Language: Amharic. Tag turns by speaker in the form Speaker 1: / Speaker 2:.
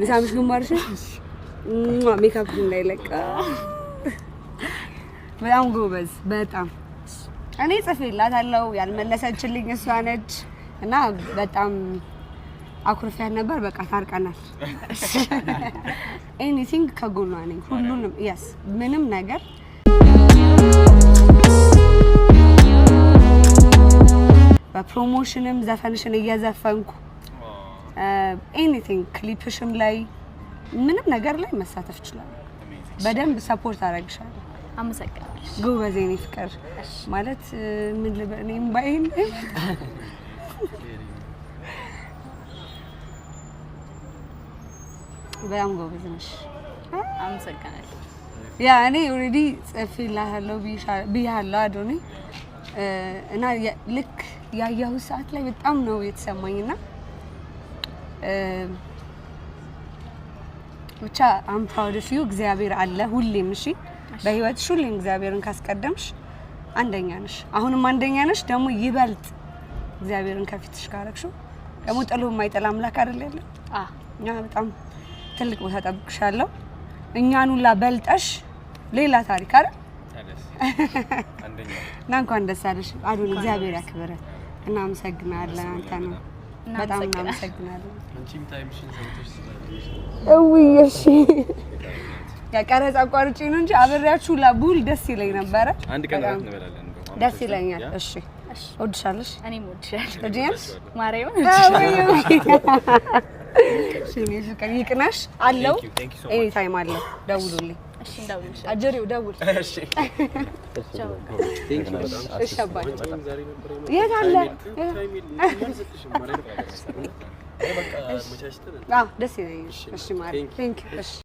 Speaker 1: ልሳምሽ ግማርሽ ሜካፕ እንዳይለቀ በጣም ጎበዝ። በጣም እኔ ጽፌላታለሁ ያልመለሰችልኝ እሷ ነች እና በጣም አኩርፊያት ነበር። በቃ ታርቀናል። ኤኒቲንግ ከጎኗ ነኝ። ሁሉንም የስ ምንም ነገር በፕሮሞሽንም ዘፈንሽን እየዘፈንኩ ኤኒቲንግ uh, ክሊፕሽም ላይ ምንም ነገር ላይ መሳተፍ እችላለሁ። በደንብ ሰፖርት አደርግሻለሁ።
Speaker 2: አመሰግናለሁ።
Speaker 1: ጎበዝ የኔ ፍቅር ማለት uh, ምን ልበል እኔም ባይን በጣም ጎበዝ ነሽ።
Speaker 2: አመሰግናለሁ።
Speaker 1: ያ እኔ ኦልሬዲ ጽፌልሃለሁ ብያለሁ አዶኔ uh, እና ልክ ያየሁት ሰዓት ላይ በጣም ነው የተሰማኝና ብቻ አም ፕራውድ ኦፍ ዩ እግዚአብሔር አለ ሁሌም። እሺ በህይወትሽ ሁሌም እግዚአብሔርን ካስቀደምሽ አንደኛ ነሽ፣ አሁንም አንደኛ ነሽ። ደግሞ ይበልጥ እግዚአብሔርን ከፊትሽ ካረግሽው ደግሞ ጥሎ የማይጠላ አምላክ አይደል ያለ እኛ በጣም ትልቅ ቦታ ጠብቅሻለሁ። እኛን ሁላ በልጠሽ ሌላ ታሪክ አይደል እና እንኳን ደስ አለሽ። አዱን እግዚአብሔር ያክብረ። እናመሰግናለን አንተ ነው በጣም እናመሰግናለን። እሺ ቀረጻ አቋርጬ ነው እንጂ አብሬያችሁ ሁላ ቡል ደስ ይለኝ ነበረ። አንድ ቀን እራት እንበላለን። ደስ ይለኛል። እሺ እወድሻለሽ።
Speaker 2: እኔም እወድሻለሁ።
Speaker 1: ይቅናሽ አለው። ኤኒ ታይም አለው። ደውሉልኝ እሺ እንደውልሽ፣ አጀሪው ደውል። እሺ የት አለ? ደስ ይለኛል። እሺ ማርያም፣ ቴንክ ዩ። እሺ